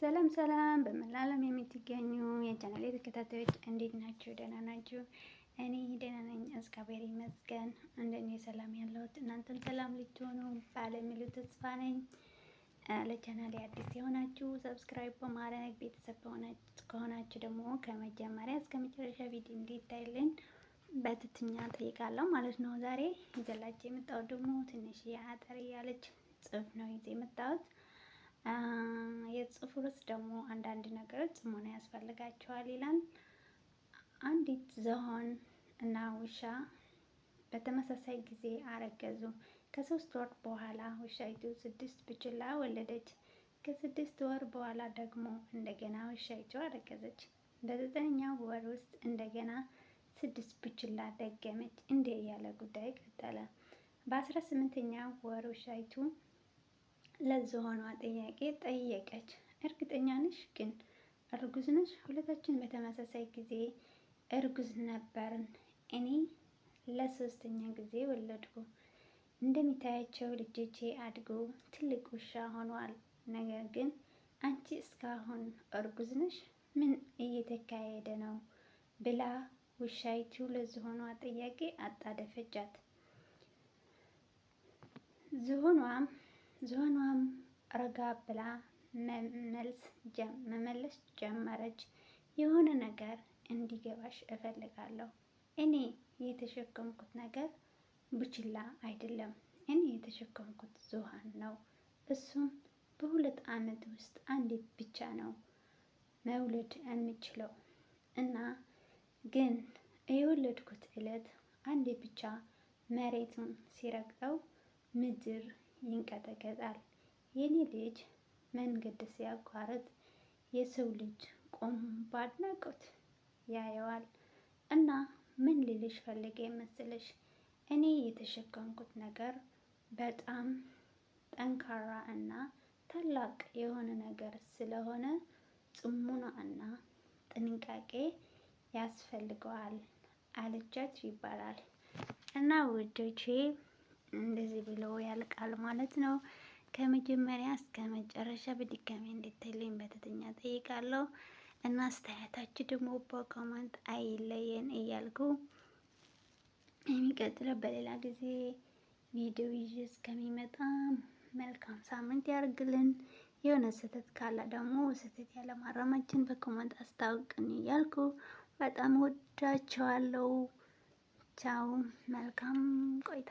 ሰላም ሰላም በመላ ዓለም የምትገኙ የቻናሌ ተከታታዮች እንዴት ናችሁ? ደህና ናችሁ? እኔ ደህና ነኝ፣ እግዚአብሔር ይመስገን። እንደኔ ሰላም ያለሁት እናንተም ሰላም ልትሆኑ በዓለም ተስፋ ነኝ። ለቻናሌ አዲስ የሆናችሁ ሰብስክራይብ በማድረግ ቤተሰብ ከሆናችሁ ደግሞ ከመጀመሪያ እስከ መጨረሻ ቪዲዮ እንዲታይልን በትትኛ ጠይቃለሁ ማለት ነው። ዛሬ ይዘላችሁ የመጣሁት ደግሞ ትንሽ አጠር ያለች ጽሑፍ ነው ይዤ የመጣሁት የጽሁፍ ደግሞ አንዳንድ ነገሮች ጽሞና ያስፈልጋቸዋል ይላል። አንዲት ዝሆን እና ውሻ በተመሳሳይ ጊዜ አረገዙ። ከሶስት ወር በኋላ ውሻይቱ ስድስት ብችላ ወለደች። ከስድስት ወር በኋላ ደግሞ እንደገና ውሻይቱ አረገዘች። በዘጠነኛው ወር ውስጥ እንደገና ስድስት ብችላ ደገመች። እንዲህ ያለ ጉዳይ ቀጠለ። በአስራ ስምንተኛው ወር ውሻይቱ ለዝሆኗ ጥያቄ ጠየቀች። እርግጠኛ ነሽ ግን እርጉዝ ነሽ? ሁለታችን በተመሳሳይ ጊዜ እርጉዝ ነበርን። እኔ ለሶስተኛ ጊዜ ወለድኩ። እንደሚታያቸው ልጆቼ አድገው ትልቅ ውሻ ሆኗል። ነገር ግን አንቺ እስካሁን እርጉዝ ነሽ? ምን እየተካሄደ ነው? ብላ ውሻይቱ ለዝሆኗ ጥያቄ አጣደፈቻት። ዝሆኗም ዝሆኗም ረጋ ብላ መመልስ መመለስ ጀመረች። የሆነ ነገር እንዲገባሽ እፈልጋለሁ። እኔ የተሸከምኩት ነገር ቡችላ አይደለም። እኔ የተሸከምኩት ዙሃን ነው። እሱም በሁለት ዓመት ውስጥ አንዴ ብቻ ነው መውለድ የምችለው እና ግን የወለድኩት ዕለት አንዴ ብቻ መሬቱን ሲረግጠው ምድር ይንቀጠቀጣል። የኔ ልጅ መንገድ ሲያቋርጥ የሰው ልጅ ቆም በአድናቆት ያየዋል እና ምን ልልሽ ፈልጌ መሰለሽ እኔ የተሸከምኩት ነገር በጣም ጠንካራ እና ታላቅ የሆነ ነገር ስለሆነ ጽሙና እና ጥንቃቄ ያስፈልገዋል አለቻት ይባላል እና ውዶቼ እንደዚህ ብለው ያልቃል ማለት ነው። ከመጀመሪያ እስከ መጨረሻ በድጋሚ እንድትልኝ በትህትና ጠይቃለሁ እና አስተያየታችሁ ደግሞ በኮመንት አይለየን እያልኩ የሚቀጥለው በሌላ ጊዜ ቪዲዮ ይዤ እስከሚመጣ መልካም ሳምንት ያርግልን። የሆነ ስህተት ካለ ደግሞ ስህተት ያለማረማችን በኮመንት አስታውቅን እያልኩ በጣም ወዳቸዋለሁ። ቻው፣ መልካም ቆይታ።